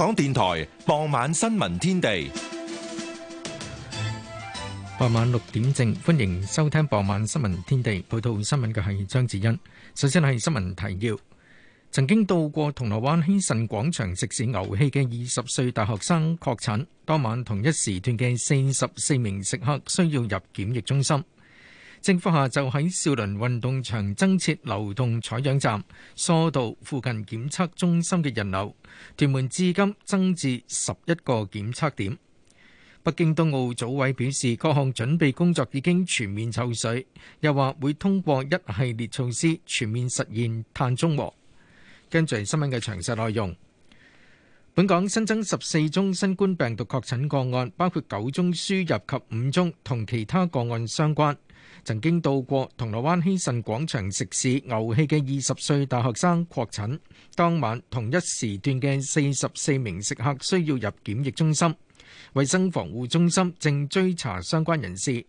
港電台傍晚新聞天地，傍晚六點正，歡迎收聽傍晚新聞天地。報道新聞嘅係張子欣。首先係新聞提要：曾經到過銅鑼灣興盛廣場食肆牛氣嘅二十歲大學生確診，當晚同一時段嘅四十四名食客需要入檢疫中心。政府下晝喺少林運動場增設流動採樣站，疏導附近檢測中心嘅人流。屯門至今增至十一個檢測點。北京冬奧組委表示，各項準備工作已經全面就緒，又話會通過一系列措施全面實現碳中和。跟住新聞嘅詳細內容，本港新增十四宗新冠病毒確診個案，包括九宗輸入及五宗同其他個案相關。曾經到過銅鑼灣希慎廣場食肆牛氣嘅二十歲大學生確診，當晚同一時段嘅四十四名食客需要入檢疫中心，衛生防護中心正追查相關人士。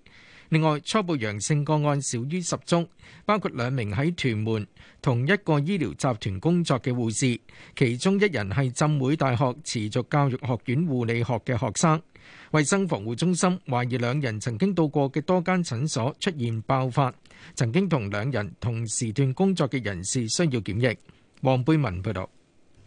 另外，初步陽性個案少於十宗，包括兩名喺屯門同一個醫療集團工作嘅護士，其中一人係浸會大學持續教育學院護理學嘅學生。衛生防護中心懷疑兩人曾經到過嘅多間診所出現爆發，曾經同兩人同時段工作嘅人士需要檢疫。黃貝文報導。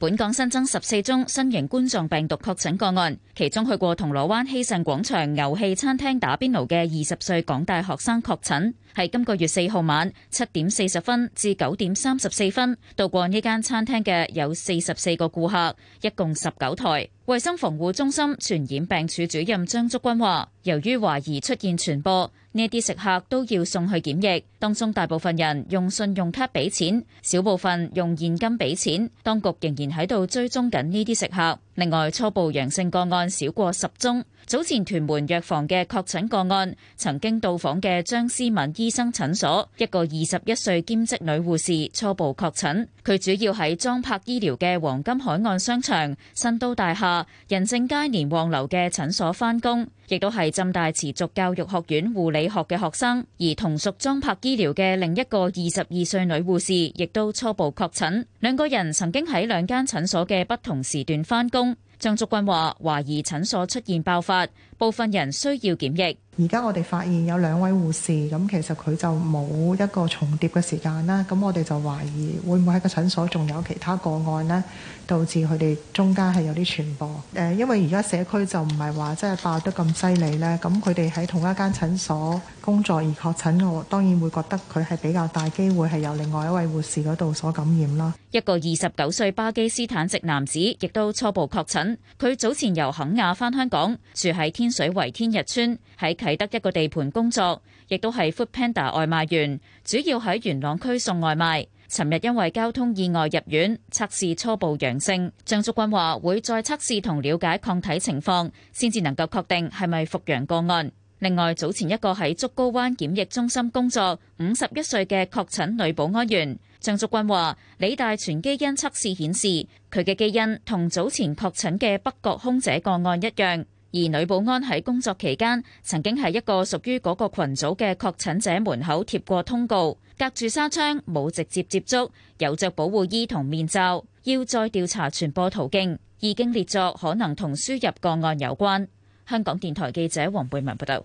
本港新增十四宗新型冠狀病毒確診個案，其中去過銅鑼灣希慎廣場牛氣餐廳打邊爐嘅二十歲港大學生確診，係今個月四號晚七點四十分至九點三十四分到過呢間餐廳嘅有四十四個顧客，一共十九台。衛生防護中心傳染病處主任張竹君話，由於懷疑出現傳播。呢啲食客都要送去檢疫，當中大部分人用信用卡俾錢，少部分用現金俾錢。當局仍然喺度追蹤緊呢啲食客。另外，初步陽性個案少過十宗。早前屯門藥房嘅確診個案，曾經到訪嘅張思敏醫生診所，一個二十一歲兼職女護士初步確診。佢主要喺莊柏醫療嘅黃金海岸商場、新都大廈、仁政街連旺樓嘅診所翻工，亦都係浸大持續教育學院護理學嘅學生。而同屬莊柏醫療嘅另一個二十二歲女護士，亦都初步確診。兩個人曾經喺兩間診所嘅不同時段翻工。張竹君話：懷疑診所出現爆發。部分人需要檢疫。而家我哋發現有兩位護士，咁其實佢就冇一個重疊嘅時間啦。咁我哋就懷疑會唔會喺個診所仲有其他個案呢？導致佢哋中間係有啲傳播。誒，因為而家社區就唔係話即係爆得咁犀利呢。咁佢哋喺同一間診所工作而確診，我當然會覺得佢係比較大機會係由另外一位護士嗰度所感染啦。一個二十九歲巴基斯坦籍男子亦都初步確診，佢早前由肯亞返香港，住喺天天水圍天日村，喺啟德一個地盤工作，亦都係 foodpanda 外賣員，主要喺元朗區送外賣。尋日因為交通意外入院，測試初步陽性。張竹君話會再測試同了解抗體情況，先至能夠確定係咪復陽個案。另外，早前一個喺竹篙灣檢疫中心工作五十一歲嘅確診女保安員，張竹君話李大全基因測試顯示佢嘅基因同早前確診嘅北角空姐個案一樣。而女保安喺工作期間曾經喺一個屬於嗰個群組嘅確診者門口貼過通告，隔住紗窗，冇直接接觸，有着保護衣同面罩，要再調查傳播途徑，已經列作可能同輸入個案有關，香港電台記者黃貝文報道。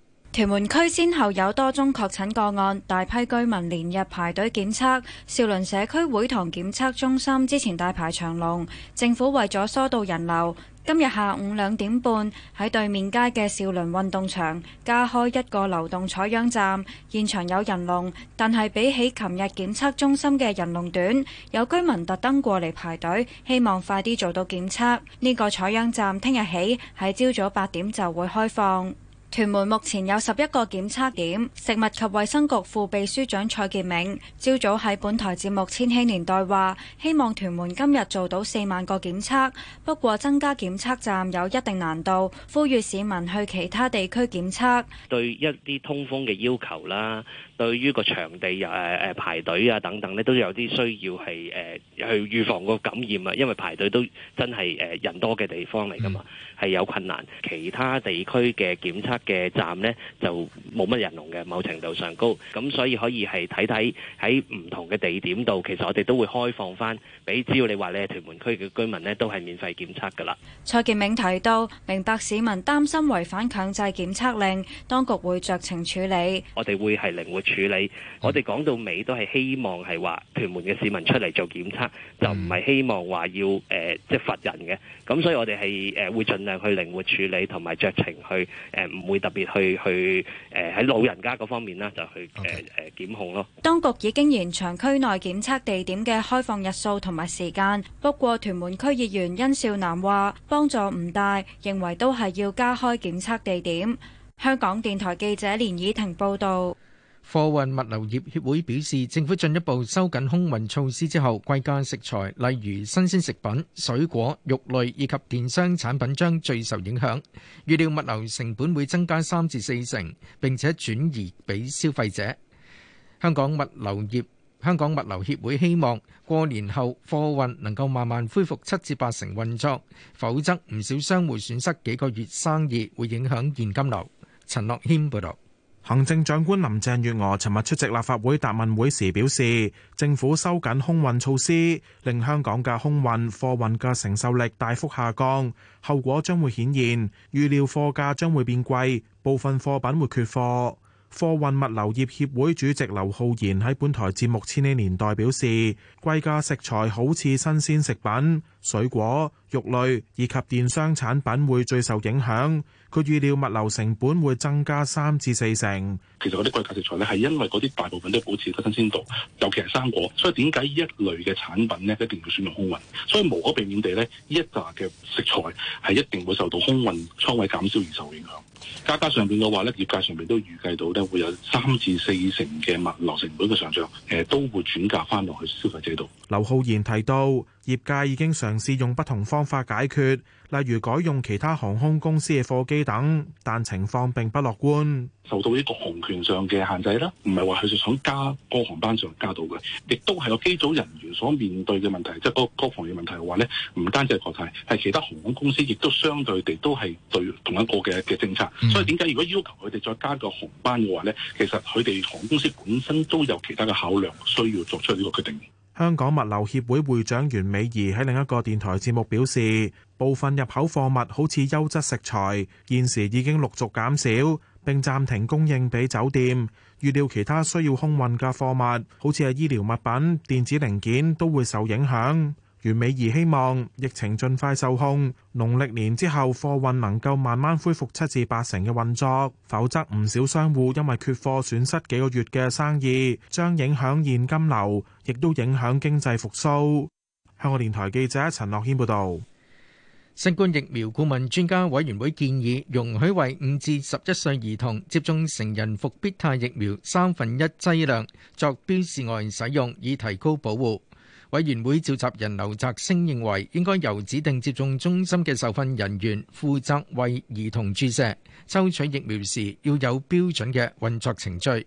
屯門區先後有多宗確診個案，大批居民連日排隊檢測。兆麟社區會堂檢測中心之前大排長龍，政府為咗疏導人流，今日下午兩點半喺對面街嘅兆麟運動場加開一個流動採樣站，現場有人龍，但係比起琴日檢測中心嘅人龍短。有居民特登過嚟排隊，希望快啲做到檢測。呢個採樣站聽日起喺朝早八點就會開放。屯門目前有十一個檢測點，食物及衛生局副秘書長蔡潔明朝早喺本台節目《千禧年代》話，希望屯門今日做到四萬個檢測，不過增加檢測站有一定難度，呼籲市民去其他地區檢測，對一啲通風嘅要求啦，對於個場地又誒誒排隊啊等等咧，都有啲需要係誒去預防個感染啊，因為排隊都真係誒人多嘅地方嚟噶嘛係有困難。其他地區嘅檢測。嘅站咧就冇乜人龍嘅，某程度上高，咁所以可以係睇睇喺唔同嘅地點度，其實我哋都會開放翻俾，只要你話你係屯門區嘅居民咧，都係免費檢測㗎啦。蔡建銘提到，明白市民擔心違反強制檢測令，當局會酌情處理。我哋會係靈活處理，我哋講到尾都係希望係話屯門嘅市民出嚟做檢測，就唔係希望話要誒即係罰人嘅。咁所以我哋係誒會盡量去靈活處理同埋酌情去誒唔。會特別去去誒喺老人家嗰方面咧就去誒誒檢控咯。當局已經延長區內檢測地點嘅開放日數同埋時間，不過屯門區議員殷少南話幫助唔大，認為都係要加開檢測地點。香港電台記者連以婷報道。貨運物流業協會表示，政府進一步收緊空運措施之後，貴價食材例如新鮮食品、水果、肉類以及電商產品將最受影響。預料物流成本會增加三至四成，並且轉移俾消費者。香港物流業，香港物流協會希望過年後貨運能夠慢慢恢復七至八成運作，否則唔少商戶損失幾個月生意，會影響現金流。陳樂謙報道。行政長官林鄭月娥尋日出席立法會答問會時表示，政府收緊空運措施，令香港嘅空運貨運嘅承受力大幅下降，後果將會顯現，預料貨價將會變貴，部分貨品會缺貨。貨運物流業協會主席劉浩然喺本台節目《千禧年代》表示，貴價食材好似新鮮食品、水果、肉類以及電商產品會最受影響。佢預料物流成本會增加三至四成。其實嗰啲貴價食材咧，係因為嗰啲大部分都保持得新鮮度，尤其係生果，所以點解呢一類嘅產品咧，一定要選用空運。所以無可避免地咧，呢一壇嘅食材係一定會受到空運倉位減少而受影響。加加上邊嘅話咧，業界上邊都預計到咧，會有三至四成嘅物流成本嘅上漲，誒都會轉嫁翻落去消費者度。劉浩然提到。業界已經嘗試用不同方法解決，例如改用其他航空公司嘅貨機等，但情況並不樂觀。受到呢個航權上嘅限制啦，唔係話佢哋想加個航班上加到嘅，亦都係個機組人員所面對嘅問題，即係嗰嗰個防疫問題嘅話咧，唔單止係國泰，係其他航空公司亦都相對地都係對同一個嘅嘅政策。所以點解如果要求佢哋再加個航班嘅話咧，其實佢哋航空公司本身都有其他嘅考量，需要作出呢個決定。香港物流協會會長袁美儀喺另一個電台節目表示，部分入口貨物好似優質食材，現時已經陸續減少，並暫停供應俾酒店。預料其他需要空運嘅貨物，好似係醫療物品、電子零件，都會受影響。袁美儀希望疫情盡快受控，農曆年之後貨運能夠慢慢恢復七至八成嘅運作，否則唔少商戶因為缺貨損失幾個月嘅生意，將影響現金流。亦都影響經濟復甦。香港電台記者陳樂軒報導。新冠疫苗顧問專家委員會建議容許為五至十一歲兒童接種成人復必泰疫苗三分一劑量作標示外使用，以提高保護。委員會召集人劉澤星認為，應該由指定接種中心嘅受訓人員負責為兒童注射，抽取疫苗時要有標準嘅運作程序。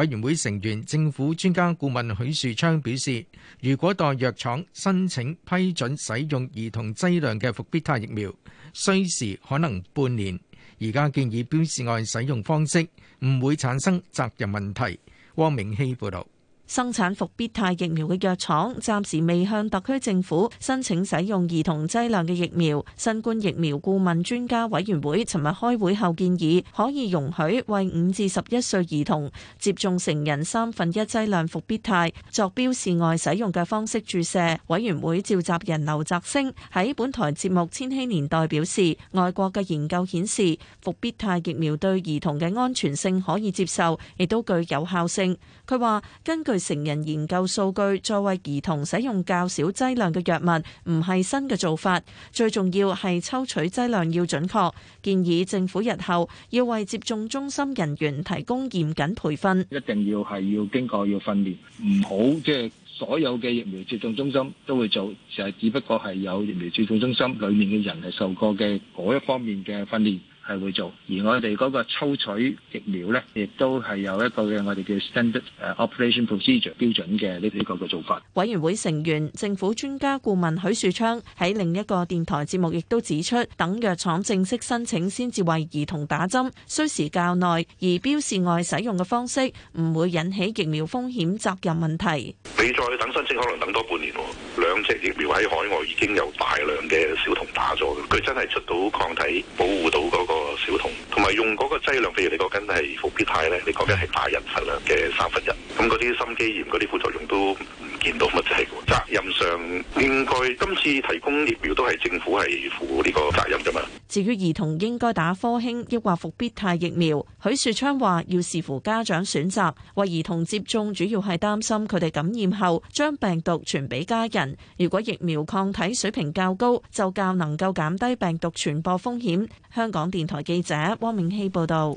委員會成員、政府專家顧問許樹昌表示，如果代藥廠申請批准使用兒童劑量嘅復必泰疫苗，需時可能半年。而家建議標示外使用方式，唔會產生責任問題。汪明希報道。生產復必泰疫苗嘅藥廠暫時未向特區政府申請使用兒童劑量嘅疫苗。新冠疫苗顧問專家委員會尋日開會後建議，可以容許為五至十一歲兒童接種成人三分一劑量復必泰，作標示外使用嘅方式注射。委員會召集人劉澤星喺本台節目《千禧年代》表示，外國嘅研究顯示復必泰疫苗對兒童嘅安全性可以接受，亦都具有效性。佢話：根據成人研究數據，作為兒童使用較少劑量嘅藥物，唔係新嘅做法。最重要係抽取劑量要準確。建議政府日後要為接種中心人員提供嚴謹培訓，一定要係要經過要訓練，唔好即係所有嘅疫苗接種中心都會做，就係只不過係有疫苗接種中心裡面嘅人係受過嘅嗰一方面嘅訓練。係會做，而我哋嗰個抽取疫苗呢，亦都係有一個嘅我哋叫 standard operation procedure 標準嘅呢呢個嘅做法。委員會成員、政府專家顧問許樹昌喺另一個電台節目亦都指出，等藥廠正式申請先至為兒童打針，需時較耐，而標示外使用嘅方式唔會引起疫苗風險責任問題。你再等申請，可能等多半年喎。兩隻疫苗喺海外已經有大量嘅小童打咗，佢真係出到抗體保護到嗰、那個。個小童，同埋用嗰個劑量，譬如你講緊係伏必泰咧，你講緊係大人份量嘅三分一，咁嗰啲心肌炎嗰啲副作用都唔見到乜嘢。責任上應該今次提供疫苗都係政府係負呢個責任噶嘛。至於兒童應該打科興抑或伏必泰疫苗，許樹昌話要視乎家長選擇，為兒童接種主要係擔心佢哋感染後將病毒傳俾家人。如果疫苗抗體水平較高，就較能夠減低病毒傳播風險。香港電台記者汪明希報道。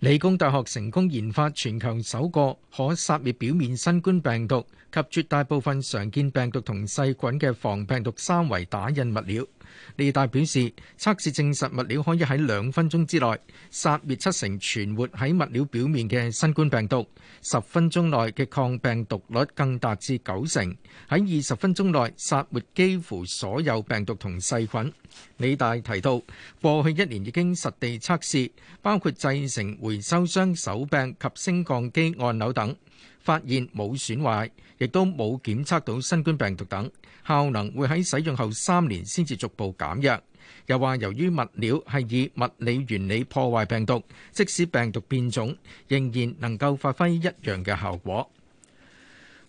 理工大學成功研發全球首個可殺滅表面新冠病毒及絕大部分常見病毒同細菌嘅防病毒三維打印物料。理大表示，測試證實物料可以喺兩分鐘之內殺滅七成存活喺物料表面嘅新冠病毒，十分鐘內嘅抗病毒率更達至九成，喺二十分鐘內殺滅幾乎所有病毒同細菌。理大提到，過去一年已經實地測試，包括製成回收箱、手柄及升降機按鈕等。發現冇損壞，亦都冇檢測到新冠病毒等，效能會喺使用後三年先至逐步減弱。又話由於物料係以物理原理破壞病毒，即使病毒變種，仍然能夠發揮一樣嘅效果。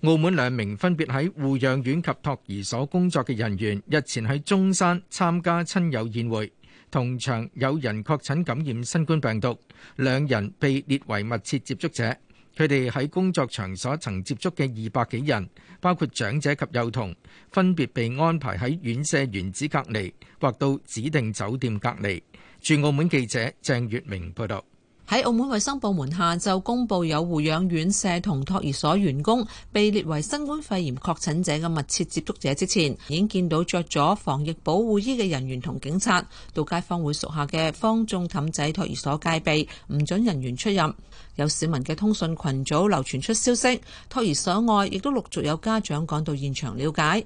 澳門兩名分別喺護養院及托兒所工作嘅人員，日前喺中山參加親友宴會，同場有人確診感染新冠病毒，兩人被列為密切接觸者。佢哋喺工作場所曾接觸嘅二百幾人，包括長者及幼童，分別被安排喺院舍、原址隔離或到指定酒店隔離。駐澳門記者鄭月明報道。喺澳門衛生部門下晝公布有護養院舍同托兒所員工被列為新冠肺炎確診者嘅密切接觸者之前，已經見到着咗防疫保護衣嘅人員同警察到街坊會屬下嘅方仲氹仔托兒所戒備，唔準人員出入。有市民嘅通訊群組流傳出消息，托兒所外亦都陸續有家長趕到現場了解。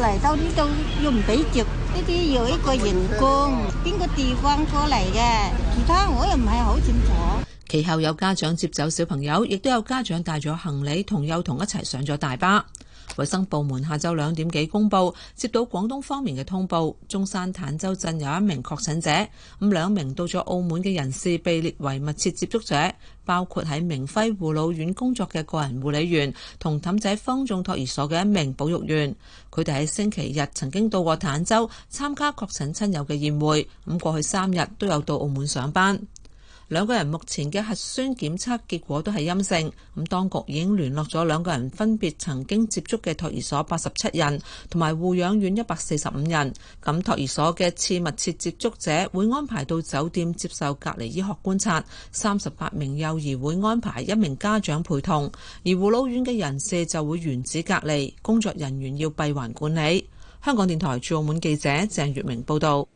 嚟到呢度又唔俾接，呢啲要一個人工。邊個地方過嚟嘅？其他我又唔係好清楚。其後有家長接走小朋友，亦都有家長帶咗行李同幼童一齊上咗大巴。衛生部門下晝兩點幾公布，接到廣東方面嘅通報，中山坦洲鎮有一名確診者，咁兩名到咗澳門嘅人士被列為密切接觸者，包括喺明輝護老院工作嘅個人護理員同氹仔方眾托兒所嘅一名保育員，佢哋喺星期日曾經到過坦洲參加確診親友嘅宴會，咁過去三日都有到澳門上班。兩個人目前嘅核酸檢測結果都係陰性，咁當局已經聯絡咗兩個人分別曾經接觸嘅托兒所八十七人，同埋護養院一百四十五人。咁托兒所嘅次密切接觸者會安排到酒店接受隔離醫學觀察，三十八名幼兒會安排一名家長陪同，而護老院嘅人士就會原址隔離，工作人員要閉環管理。香港電台駐澳門記者鄭月明報導。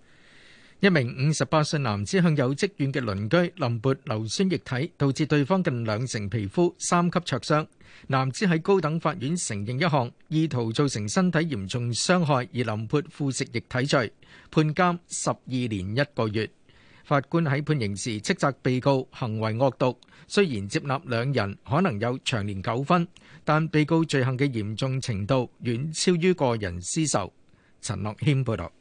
一名五十八歲男子向有積怨嘅鄰居淋潑硫酸液體，導致對方近兩成皮膚三級灼傷。男子喺高等法院承認一項意圖造成身體嚴重傷害而淋潑腐蝕液體罪，判監十二年一個月。法官喺判刑時斥責被告行為惡毒，雖然接納兩人可能有長年糾紛，但被告罪行嘅嚴重程度遠超於個人私仇。陳樂軒報導。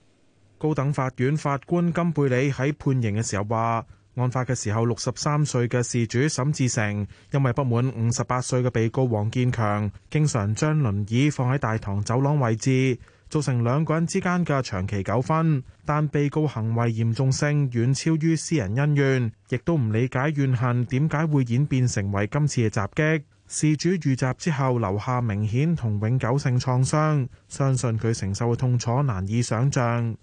高等法院法官金貝里喺判刑嘅時候話：案發嘅時候，六十三歲嘅事主沈志成因為不滿五十八歲嘅被告黃建強經常將輪椅放喺大堂走廊位置，造成兩個人之間嘅長期糾紛。但被告行為嚴重性遠超於私人恩怨，亦都唔理解怨恨點解會演變成為今次嘅襲擊。事主遇襲之後留下明顯同永久性創傷，相信佢承受嘅痛楚難以想象。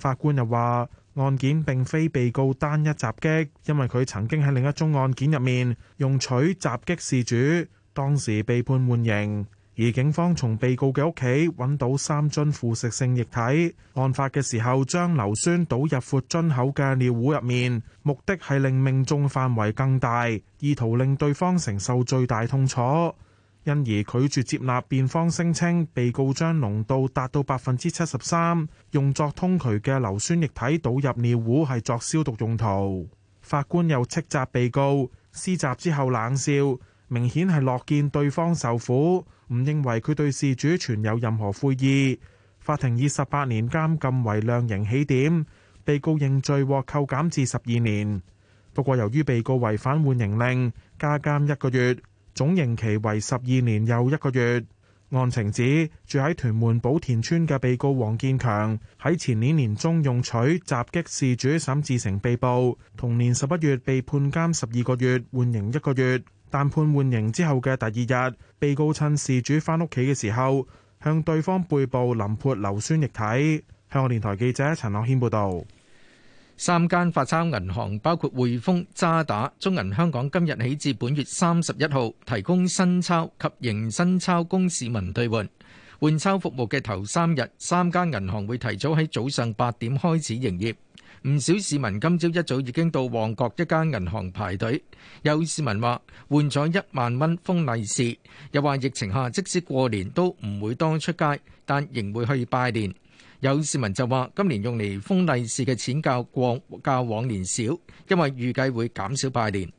法官又話，案件並非被告單一襲擊，因為佢曾經喺另一宗案件入面，用鎚襲擊事主，當時被判緩刑。而警方從被告嘅屋企揾到三樽腐蝕性液體，案發嘅時候，將硫酸倒入闊樽口嘅尿壺入面，目的係令命中範圍更大，意圖令對方承受最大痛楚。因而拒絕接納辯方聲稱，被告將濃度達到百分之七十三用作通渠嘅硫酸液體倒入尿壺，係作消毒用途。法官又斥責被告施襲之後冷笑，明顯係樂見對方受苦，唔認為佢對事主存有任何悔意。法庭以十八年監禁為量刑起點，被告認罪獲扣減至十二年。不過，由於被告違反緩刑令，加監一個月。總刑期為十二年又一個月。案情指住喺屯門寶田村嘅被告黃建強喺前年年中用取襲擊事主沈志成被捕，同年十一月被判監十二個月，緩刑一個月。但判緩刑之後嘅第二日，被告趁事主翻屋企嘅時候，向對方背部淋潑硫酸液體。香港電台記者陳樂謙報道。三間發鈔銀行，包括匯豐、渣打、中銀香港今日起至本月三十一號提供新鈔及迎新鈔供市民兌換。換鈔服務嘅頭三日，三間銀行會提早喺早上八點開始營業。唔少市民今朝一早已經到旺角一間銀行排隊。有市民話，換咗一萬蚊封利是，又話疫情下即使過年都唔會當出街，但仍會去拜年。有市民就話：今年用嚟封利是嘅錢較過較往年少，因為預計會減少拜年。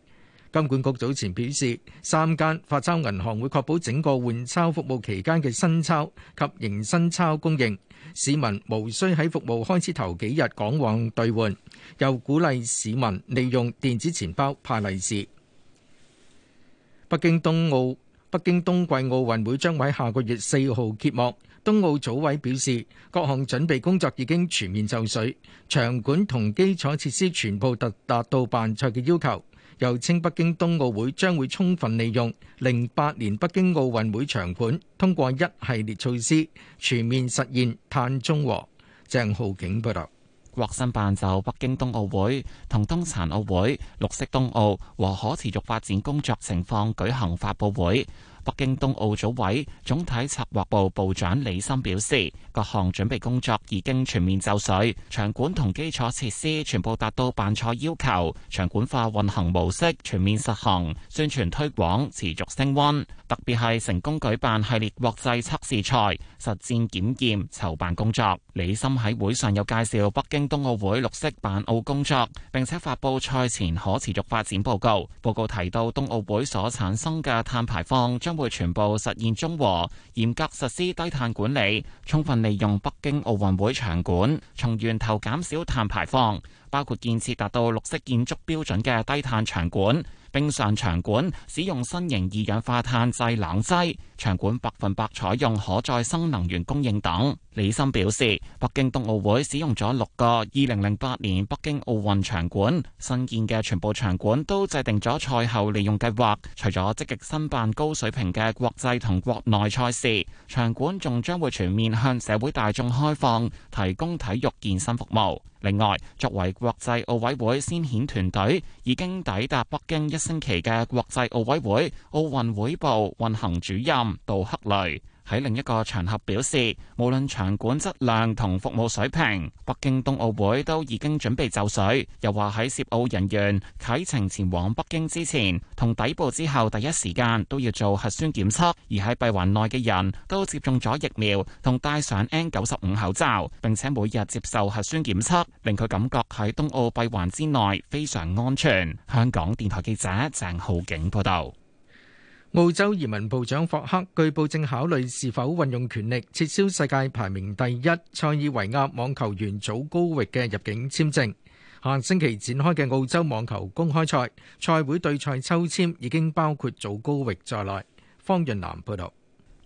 金管局早前表示，三間發鈔銀行會確保整個換鈔服務期間嘅新鈔及迎新鈔供應，市民無需喺服務開始頭幾日趕往兌換，又鼓勵市民利用電子錢包派利是。北京冬奧。北京冬季奧運會將會喺下個月四號揭幕，冬奧組委表示，各項準備工作已經全面就緒，場館同基礎設施全部達達到辦賽嘅要求。又稱北京冬奧會將會充分利用零八年北京奧運會場館，通過一系列措施全面實現碳中和。鄭浩景報道。國新辦就北京冬奧會同冬殘奧會綠色冬奧和可持續發展工作情況舉行發佈會。北京冬奧組委總體策劃部部長李森表示，各項準備工作已經全面就緒，場館同基礎設施全部達到辦賽要求，場館化運行模式全面實行，宣傳推廣持續升温。特別係成功舉辦系列國際測試賽、實戰檢驗、籌辦工作。李森喺會上又介紹北京冬奧會綠色辦奧工作，並且發布賽前可持續發展報告。報告提到，冬奧會所產生嘅碳排放將將會全部實現中和，嚴格實施低碳管理，充分利用北京奧運會場館，從源頭減少碳排放，包括建設達到綠色建築標準嘅低碳場館。冰上場館使用新型二氧化碳製冷劑，場館百分百採用可再生能源供應等。李森表示，北京冬奧會使用咗六個二零零八年北京奧運場館，新建嘅全部場館都制定咗賽後利用計劃，除咗積極申辦高水平嘅國際同國內賽事，場館仲將會全面向社會大眾開放，提供體育健身服務。另外，作為國際奧委會先遣團隊，已經抵達北京一星期嘅國際奧委會奧運會部運行主任杜克雷喺另一個場合表示，無論場館質量同服務水平，北京冬奧會都已經準備就緒。又話喺涉奧人員啟程前往北京之前同抵埗之後，第一時間都要做核酸檢測，而喺閉環內嘅人都接種咗疫苗，同戴上 N 九十五口罩，並且每日接受核酸檢測，令佢感覺喺冬奧閉環之內非常安全。香港電台記者鄭浩景報道。澳洲移民部長霍克據報正考慮是否運用權力撤銷世界排名第一塞爾維亞網球員祖高域嘅入境簽證。下星期展開嘅澳洲網球公開賽賽會對賽抽籤已經包括祖高域在內。方潤南報道，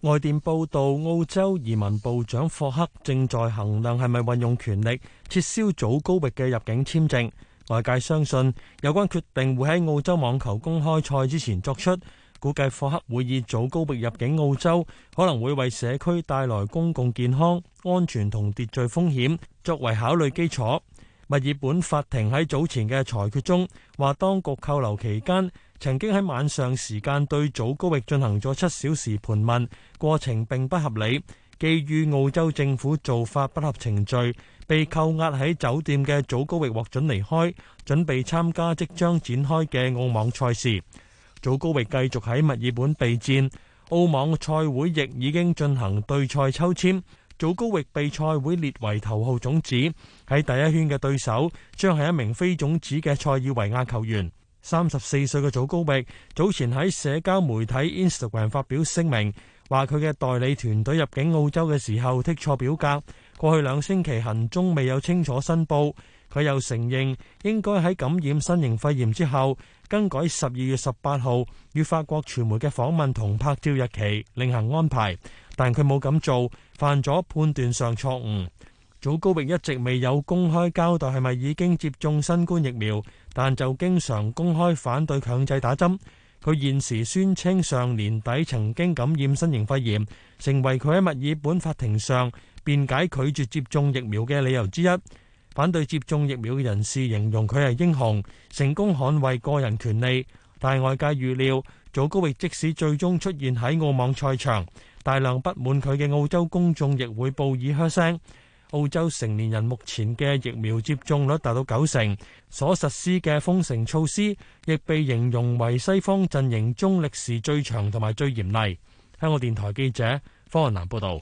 外電報道澳洲移民部長霍克正在衡量係咪運用權力撤銷祖高域嘅入境簽證。外界相信有關決定會喺澳洲網球公開賽之前作出。估計霍克會以早高域入境澳洲，可能會為社區帶來公共健康、安全同秩序風險，作為考慮基礎。墨爾本法庭喺早前嘅裁決中，話當局扣留期間，曾經喺晚上時間對早高域進行咗七小時盤問，過程並不合理。基於澳洲政府做法不合程序，被扣押喺酒店嘅早高域獲准離開，準備參加即將展開嘅澳網賽事。祖高域繼續喺墨爾本備戰，澳網賽會亦已經進行對賽抽簽，祖高域被賽會列為頭號種子，喺第一圈嘅對手將係一名非種子嘅塞爾維亞球員。三十四歲嘅祖高域早前喺社交媒體 Instagram 發表聲明，話佢嘅代理團隊入境澳洲嘅時候剔錯表格，過去兩星期行蹤未有清楚申報。佢又承認應該喺感染新型肺炎之後。更改十二月十八號與法國傳媒嘅訪問同拍照日期，另行安排。但佢冇咁做，犯咗判斷上錯誤。祖高域一直未有公開交代係咪已經接種新冠疫苗，但就經常公開反對強制打針，佢現時宣稱上年底曾經感染新型肺炎，成為佢喺墨爾本法庭上辯解拒絕接種疫苗嘅理由之一。反對接種疫苗嘅人士形容佢係英雄，成功捍衛個人權利。但外界預料，祖高域即使最終出現喺澳網賽場，大量不滿佢嘅澳洲公眾亦會報以嘘聲。澳洲成年人目前嘅疫苗接種率達到九成，所實施嘅封城措施亦被形容為西方陣營中歷時最長同埋最嚴厲。香港電台記者方云南報道。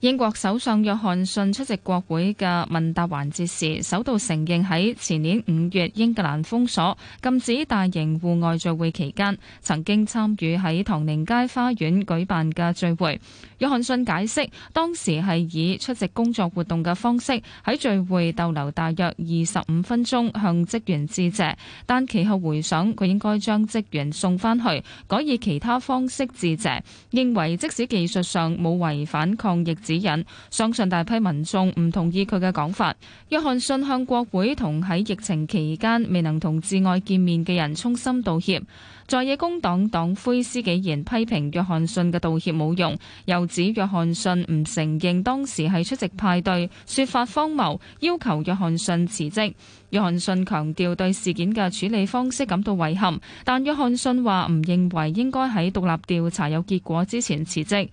英國首相約翰遜出席國會嘅問答環節時，首度承認喺前年五月英格蘭封鎖、禁止大型戶外聚會期間，曾經參與喺唐寧街花園舉辦嘅聚會。約翰遜解釋當時係以出席工作活動嘅方式喺聚會逗留大約二十五分鐘向職員致謝，但其後回想佢應該將職員送返去，改以其他方式致謝，認為即使技術上冇違反抗疫指引相信大批民眾唔同意佢嘅講法。約翰遜向國會同喺疫情期間未能同摯愛見面嘅人衷心道歉，在野工黨黨魁施紀賢批評約翰遜嘅道歉冇用，又指約翰遜唔承認當時係出席派對，說法荒謬，要求約翰遜辭職。約翰遜強調對事件嘅處理方式感到遺憾，但約翰遜話唔認為應該喺獨立調查有結果之前辭職。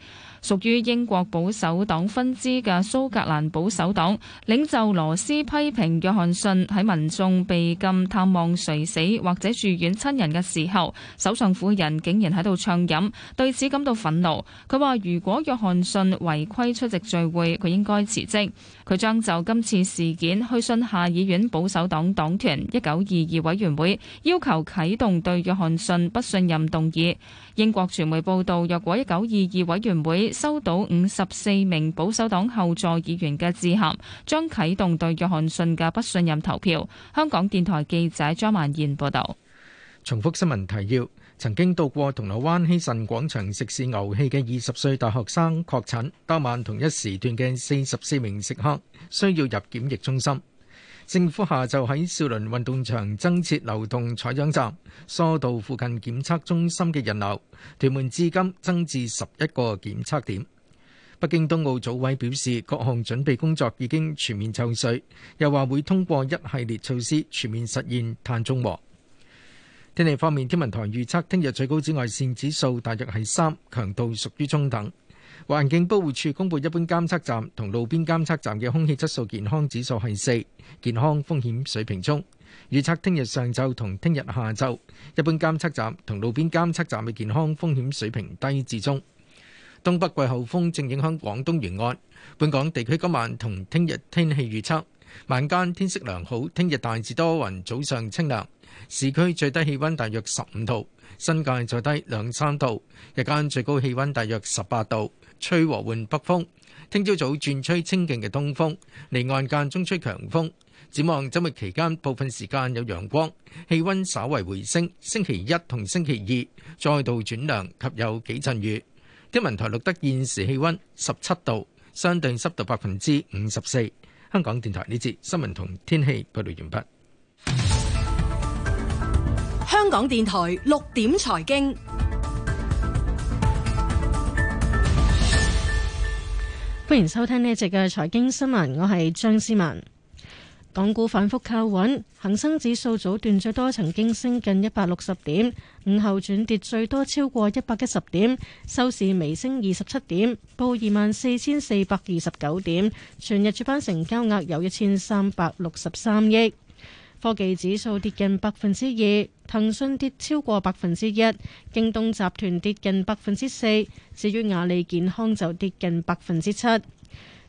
屬於英國保守黨分支嘅蘇格蘭保守黨領袖羅斯批評約翰遜喺民眾被禁探望垂死或者住院親人嘅時候，首相夫人竟然喺度暢飲，對此感到憤怒。佢話：如果約翰遜違規出席聚會，佢應該辭職。佢將就今次事件去信下議院保守黨黨團一九二二委員會，要求啟動對約翰遜不信任動議。英國傳媒報導，若果一九二二委員會收到五十四名保守黨後座議員嘅致函，將啟動對約翰遜嘅不信任投票。香港電台記者張曼燕報道。重複新聞提要：曾經到過銅鑼灣希慎廣場食肆牛氣嘅二十歲大學生確診，當晚同一時段嘅四十四名食客需要入檢疫中心。政府下晝喺兆麟運動場增設流動採樣站，疏導附近檢測中心嘅人流。屯門至今增至十一個檢測點。北京冬奧組委表示，各項準備工作已經全面就緒，又話會通過一系列措施全面實現碳中和。天氣方面，天文台預測聽日最高紫外線指數大約係三，強度屬於中等。環境保護署公布一般監測站同路邊監測站嘅空氣質素健康指數係四，健康風險水平中。預測聽日上晝同聽日下晝，一般監測站同路邊監測站嘅健康風險水平低至中。東北季候風正影響廣東沿岸，本港地區今晚同聽日天氣預測，晚間天色良好，聽日大致多雲，早上清涼，市區最低氣溫大約十五度，新界最低兩三度，日間最高氣溫大約十八度。吹和緩北風，聽朝早轉吹清勁嘅東風，離岸間中吹強風。展望周末期間，部分時間有陽光，氣溫稍為回升。星期一同星期二再度轉涼及有幾陣雨。天文台錄得現時氣溫十七度，相對濕度百分之五十四。香港電台呢節新聞同天氣報道完畢。香港電台六點財經。歡迎收聽呢一節嘅財經新聞，我係張思文。港股反復靠穩，恒生指數早段最多曾經升近一百六十點，午後轉跌最多超過一百一十點，收市微升二十七點，報二萬四千四百二十九點。全日主板成交額有一千三百六十三億。科技指數跌近百分之二，騰訊跌超過百分之一，京東集團跌近百分之四，至於阿里健康就跌近百分之七，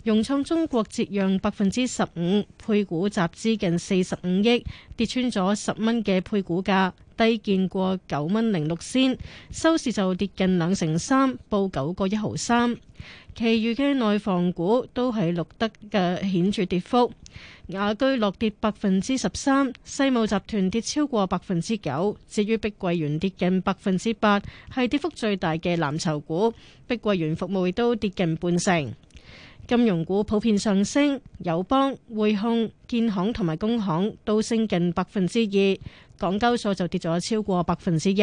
融創中國折讓百分之十五，配股集資近四十五億，跌穿咗十蚊嘅配股價。低見過九蚊零六仙，收市就跌近兩成三，報九個一毫三。其餘嘅內房股都係錄得嘅顯著跌幅，雅居樂跌百分之十三，世茂集團跌超過百分之九。至於碧桂園跌近百分之八，係跌幅最大嘅藍籌股。碧桂園服務亦都跌近半成。金融股普遍上升，友邦、匯控、建行同埋工行都升近百分之二。港交所就跌咗超過百分之一，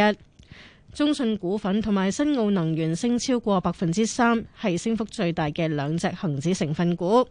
中信股份同埋新奧能源升超過百分之三，係升幅最大嘅兩隻恒指成分股。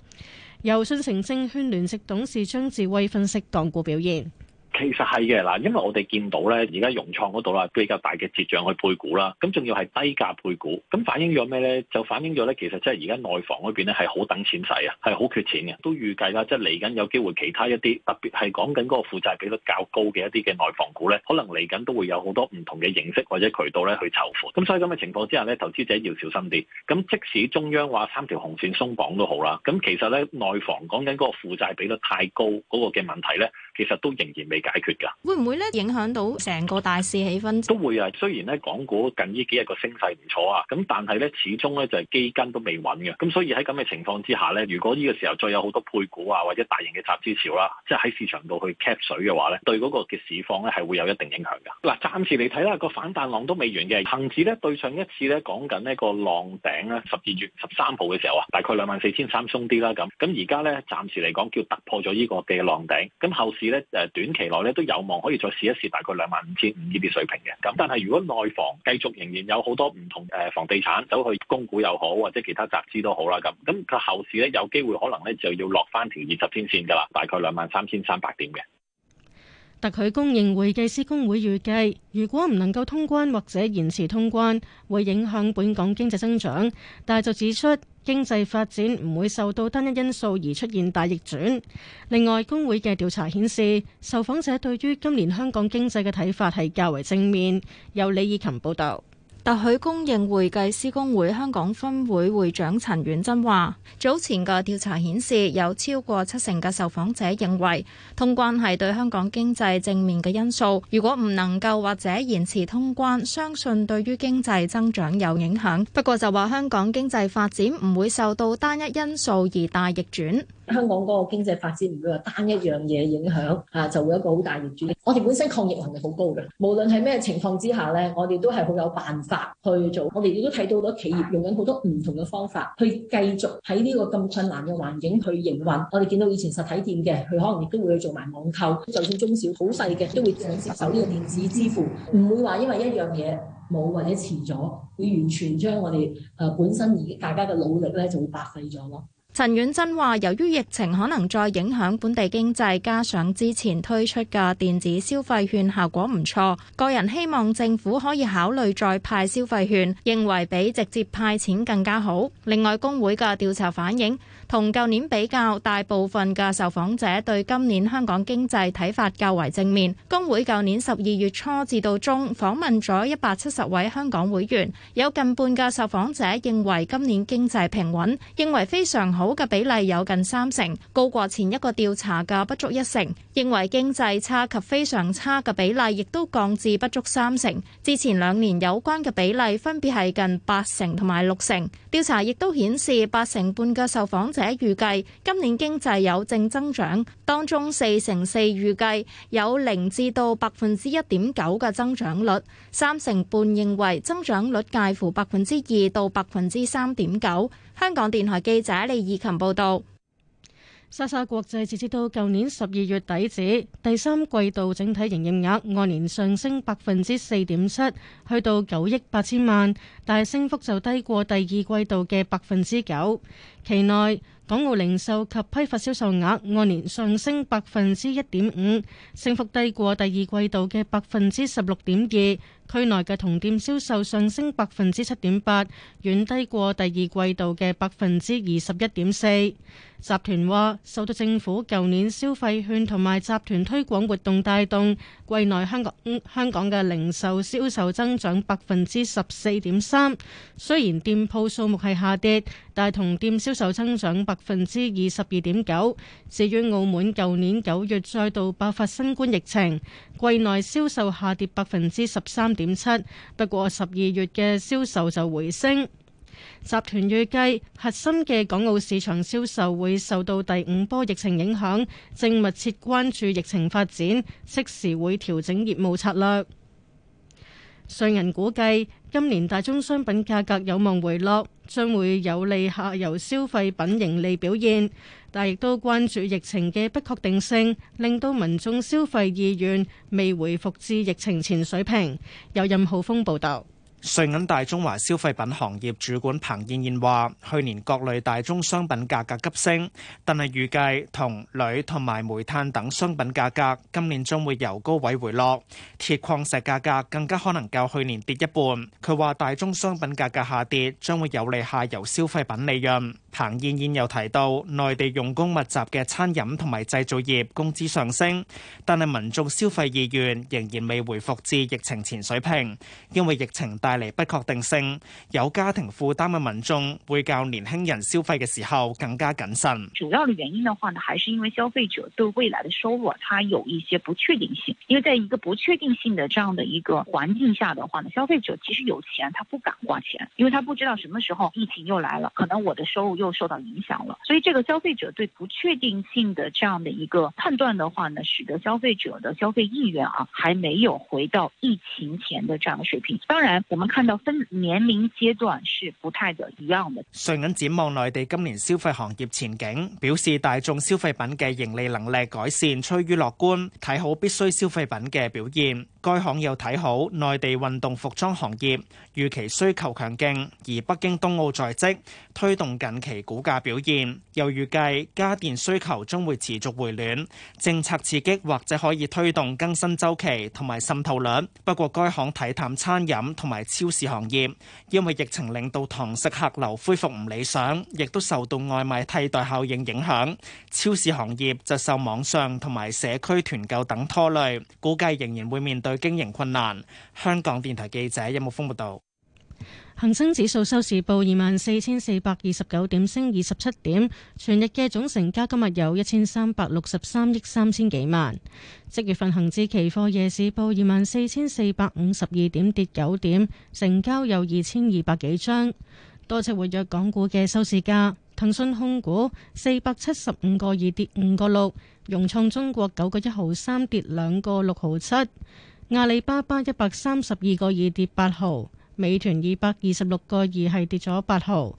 由信誠證券聯席董事張智威分析港股表現。其實係嘅嗱，因為我哋見到咧，而家融創嗰度啦比較大嘅折讓去配股啦，咁仲要係低價配股，咁反映咗咩咧？就反映咗咧，其實即係而家內房嗰邊咧係好等錢使啊，係好缺錢嘅，都預計啦，即係嚟緊有機會其他一啲特別係講緊嗰個負債比率較高嘅一啲嘅內房股咧，可能嚟緊都會有好多唔同嘅形式或者渠道咧去籌款。咁所以咁嘅情況之下咧，投資者要小心啲。咁即使中央話三條紅線鬆綁都好啦，咁其實咧內房講緊嗰個負債比率太高嗰個嘅問題咧，其實都仍然未解決㗎，會唔會咧影響到成個大市氣氛？都會啊，雖然咧港股近呢幾日個升勢唔錯啊，咁但係咧始終咧就係、是、基金都未穩嘅，咁所以喺咁嘅情況之下咧，如果呢個時候再有好多配股啊，或者大型嘅集資潮啦、啊，即係喺市場度去 cap 水嘅話咧，對嗰個嘅市況咧係會有一定影響㗎。嗱，暫時嚟睇啦，啦這個反彈浪都未完嘅，恆指咧對上一次咧講緊呢，講呢個浪頂咧十二月十三號嘅時候啊，大概兩萬四千三鬆啲啦，咁咁而家咧暫時嚟講叫突破咗呢個嘅浪頂，咁後市咧誒短期。咧都有望可以再試一試大概兩萬五千五呢啲水平嘅，咁但係如果內房繼續仍然有好多唔同誒房地產走去供股又好，或者其他集資都好啦，咁咁佢後市咧有機會可能咧就要落翻條二十天線㗎啦，大概兩萬三千三百點嘅。特許公認會計師公會預計，如果唔能夠通關或者延遲通關，會影響本港經濟增長。但係就指出，經濟發展唔會受到單一因素而出現大逆轉。另外，公會嘅調查顯示，受訪者對於今年香港經濟嘅睇法係較為正面。由李以琴報導。特許公認會計師公會香港分會會長陳婉珍話：早前嘅調查顯示，有超過七成嘅受訪者認為通關係對香港經濟正面嘅因素。如果唔能夠或者延遲通關，相信對於經濟增長有影響。不過就話香港經濟發展唔會受到單一因素而大逆轉。香港嗰個經濟發展唔會話單一樣嘢影響嚇，就會一個好大業主。我哋本身抗疫能力好高嘅，無論係咩情況之下咧，我哋都係好有辦法去做。我哋亦都睇到好多企業用緊好多唔同嘅方法去繼續喺呢個咁困難嘅環境去營運。我哋見到以前實體店嘅佢可能亦都會去做埋網購，就算中小好細嘅都會接受呢個電子支付，唔會話因為一樣嘢冇或者遲咗，會完全將我哋誒本身已大家嘅努力咧就會白費咗咯。陳婉珍話：由於疫情可能再影響本地經濟，加上之前推出嘅電子消費券效果唔錯，個人希望政府可以考慮再派消費券，認為比直接派錢更加好。另外，工會嘅調查反映，同舊年比較，大部分嘅受訪者對今年香港經濟睇法較為正面。工會舊年十二月初至到中，訪問咗一百七十位香港會員，有近半嘅受訪者認為今年經濟平穩，認為非常好好嘅比例有近三成，高過前一個調查嘅不足一成。認為經濟差及非常差嘅比例亦都降至不足三成。之前兩年有關嘅比例分別係近八成同埋六成。調查亦都顯示八成半嘅受訪者預計今年經濟有正增長，當中四成四預計有零至到百分之一點九嘅增長率，三成半認為增長率介乎百分之二到百分之三點九。香港電台記者李以琴報道。莎莎國際截至到舊年十二月底止，第三季度整體營業額按年上升百分之四點七，去到九億八千萬，但係升幅就低過第二季度嘅百分之九，期內，港澳零售及批發銷售額按年上升百分之一點五，升幅低過第二季度嘅百分之十六點二。區內嘅同店銷售上升百分之七點八，遠低過第二季度嘅百分之二十一點四。集團話受到政府舊年消費券同埋集團推廣活動帶動，季內香港香港嘅零售銷售增長百分之十四點三。雖然店鋪數目係下跌，但同店銷售增長百。百分之二十二點九。至於澳門舊年九月再度爆發新冠疫情，季內銷售下跌百分之十三點七。不過十二月嘅銷售就回升。集團預計核心嘅港澳市場銷售會受到第五波疫情影響，正密切關注疫情發展，適時會調整業務策略。瑞銀估計。今年大宗商品價格有望回落，將會有利下游消費品盈利表現，但亦都關注疫情嘅不確定性，令到民眾消費意願未回復至疫情前水平。有任浩峰報道。瑞銀大中華消費品行業主管彭燕燕話：去年各類大宗商品價格急升，但係預計銅鋁同埋煤炭等商品價格今年將會由高位回落。鐵礦石價格更加可能較去年跌一半。佢話大宗商品價格下跌將會有利下游消費品利潤。彭燕燕又提到，內地用工密集嘅餐飲同埋製造業工資上升，但係民眾消費意願仍然未回復至疫情前水平，因為疫情大，帶嚟不確定性，有家庭負擔嘅民眾會較年輕人消費嘅時候更加謹慎。主要的原因的話呢，還是因為消費者對未來的收入，它有一些不確定性。因為在一個不確定性的這樣的一個環境下的話呢，消費者其實有錢，他不敢花錢，因為他不知道什麼時候疫情又來了，可能我的收入又受到影響了。所以，這個消費者對不確定性的這樣的一個判斷的話呢，使得消費者的消費意願啊，還沒有回到疫情前的這樣的水平。當然，我們。看到分年齡階段是不太一樣的。瑞銀展望內地今年消費行業前景，表示大眾消費品嘅盈利能力改善趨於樂觀，睇好必需消費品嘅表現。該行又睇好內地運動服裝行業，預期需求強勁，而北京冬奧在即推動近期股價表現。又預計家電需求將會持續回暖，政策刺激或者可以推動更新周期同埋滲透率。不過該行睇淡餐飲同埋，超市行業，因為疫情令到堂食客流恢復唔理想，亦都受到外賣替代效應影響。超市行業就受網上同埋社區團購等拖累，估計仍然會面對經營困難。香港電台記者尹木峰報道。恒生指數收市報二萬四千四百二十九點，升二十七點。全日嘅總成交今日有一千三百六十三億三千幾萬。即月份恒指期貨夜市報二萬四千四百五十二點，跌九點，成交有二千二百幾張。多隻活躍港股嘅收市價：騰訊控股四百七十五個二跌五個六，融創中國九個一毫三跌兩個六毫七，阿里巴巴一百三十二個二跌八毫。美團二百二十六個二係跌咗八毫，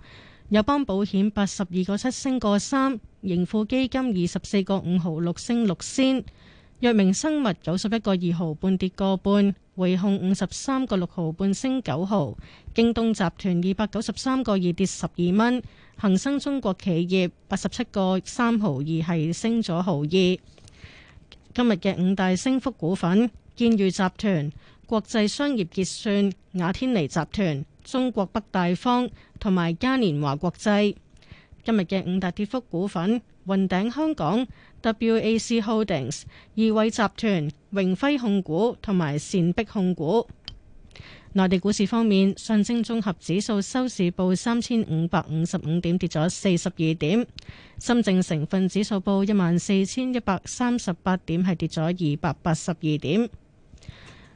友邦保險八十二個七升個三，盈富基金二十四個五毫六升六仙，藥明生物九十一個二毫半跌個半，匯控五十三個六毫半升九毫，京東集團二百九十三個二跌十二蚊，恒生中國企業八十七個三毫二係升咗毫二。今日嘅五大升幅股份，建裕集團。國際商業結算、雅天尼集團、中國北大方同埋嘉年華國際。今日嘅五大跌幅股份：雲頂香港、WAC Holdings、易偉集團、榮輝控股同埋善碧控股。內地股市方面，上證綜合指數收市報三千五百五十五點，跌咗四十二點；深證成分指數報一萬四千一百三十八點，係跌咗二百八十二點。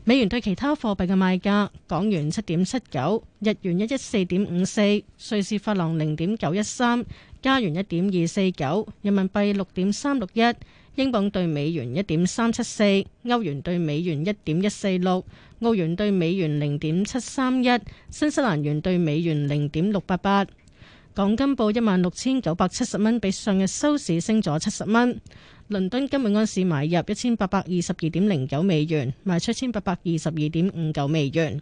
美元對其他貨幣嘅賣價：港元七點七九，日元一一四點五四，瑞士法郎零點九一三，加元一點二四九，人民幣六點三六一，英鎊對美元一點三七四，歐元對美元一點一四六，澳元對美元零點七三一，新西蘭元對美元零點六八八。港金報一萬六千九百七十蚊，比上日收市升咗七十蚊。倫敦金每盎司買入一千八百二十二點零九美元，賣出千八百二十二點五九美元。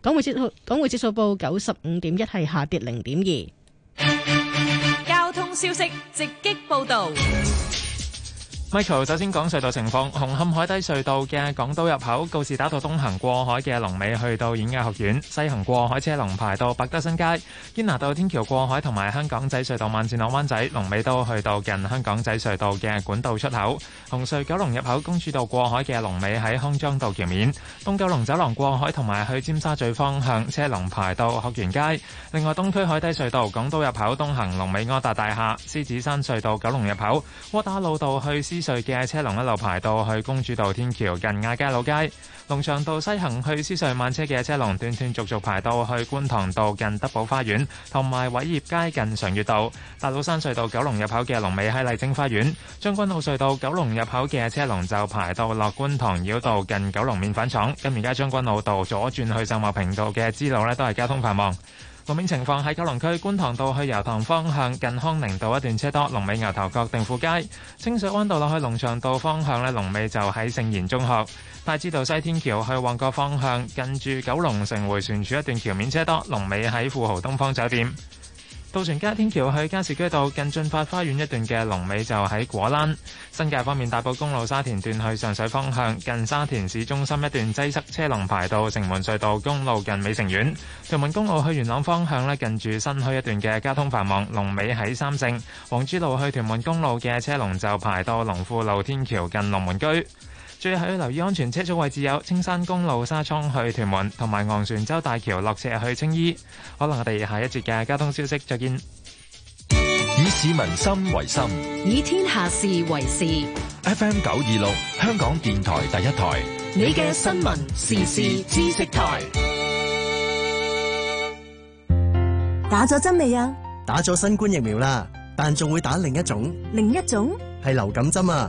港匯指數，港匯指數報九十五點一，係下跌零點二。交通消息直擊報道。Michael 首先講隧道情況，紅磡海底隧道嘅港島入口，告士打道東行過海嘅龍尾去到演藝學院，西行過海車龍排到百德新街。堅拿道天橋過海同埋香港仔隧道慢線往灣仔龍尾都去到近香港仔隧道嘅管道出口。紅隧九龍入口，公主道過海嘅龍尾喺康莊道橋面。東九龍走廊過海同埋去尖沙咀方向車龍排到學園街。另外東區海底隧道港島入口東行龍尾柯達大廈。獅子山隧道九龍入口，窩打老道去獅隧嘅車龍一路排到去公主道天橋近亞皆老街，龍翔道西行去西隧慢車嘅車龍斷斷續續排到去觀塘道近德寶花園，同埋偉業街近常悅道，大老山隧道九龍入口嘅龍尾喺麗晶花園，將軍澳隧道九龍入口嘅車龍就排到落觀塘繞道近九龍麵粉廠。咁而家將軍澳道左轉去秀茂坪道嘅支路呢，都係交通繁忙。路面情況喺九龍區觀塘道去油塘方向近康寧道一段車多，龍尾牛頭角定富街；清水灣道落去龍翔道方向咧，龍尾就喺聖言中學；太子道西天橋去旺角方向近住九龍城迴旋處一段橋面車多，龍尾喺富豪東方酒店。渡船街天橋去加士居道近駿發花園一段嘅龍尾就喺果欄。新界方面，大埔公路沙田段去上水方向近沙田市中心一段擠塞車龍排到城門隧道公路近美城苑。屯門公路去元朗方向咧，近住新墟一段嘅交通繁忙，龍尾喺三聖。黃珠路去屯門公路嘅車龍就排到龍富路天橋近龍門居。最後要留意安全車速位置，有青山公路沙涌去屯門，同埋昂船洲大橋落斜去青衣。好喇，我哋下一節嘅交通消息，再見。以市民心為心，以天下事為事。FM 九二六，香港電台第一台。你嘅新聞時事知識台。打咗針未啊？打咗新冠疫苗啦，但仲會打另一種。另一種係流感針啊。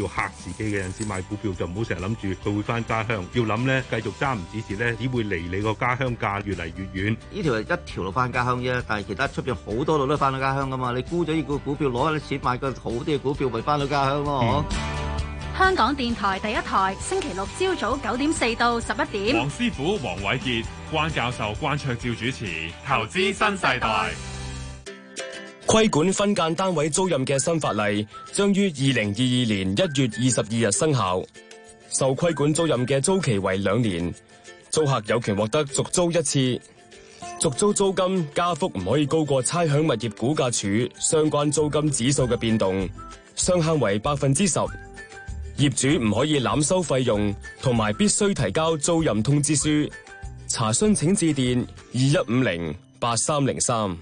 要吓自己嘅人士買股票，就唔好成日諗住佢會翻家鄉，要諗咧繼續揸，唔止蝕咧，只會離你個家鄉價越嚟越遠。呢條係一條路翻家鄉啫，但係其他出邊好多路都翻到家鄉噶嘛。你沽咗呢個股票攞翻啲錢買個好啲嘅股票咪翻到家鄉咯。嗯、香港電台第一台星期六朝早九點四到十一點，黃師傅黃偉傑、關教授關卓照主持《投資新世代》世代。規管分間單位租賃嘅新法例將於二零二二年一月二十二日生效。受規管租賃嘅租期為兩年，租客有權獲得續租一次。續租租金加幅唔可以高過差餉物業估價署相關租金指數嘅變動，上限為百分之十。業主唔可以濫收費用，同埋必須提交租賃通知書。查詢請致電二一五零八三零三。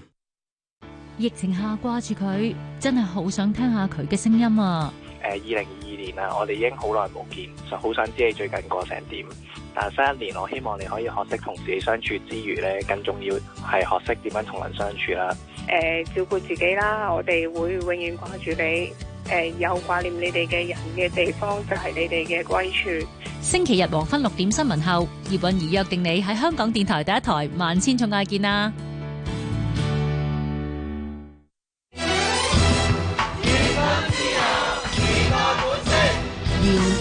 疫情下掛住佢，真係好想聽下佢嘅聲音啊！誒、呃，二零二二年啊，我哋已經好耐冇見，就好想知你最近過成點。但係新一年，我希望你可以學識同自己相處之餘咧，更重要係學識點樣同人相處啦。誒、呃，照顧自己啦，我哋會永遠掛住你。誒、呃，有掛念你哋嘅人嘅地方就係、是、你哋嘅歸處。星期日黃昏六點新聞後，葉韻儀約定你喺香港電台第一台萬千寵愛見啦。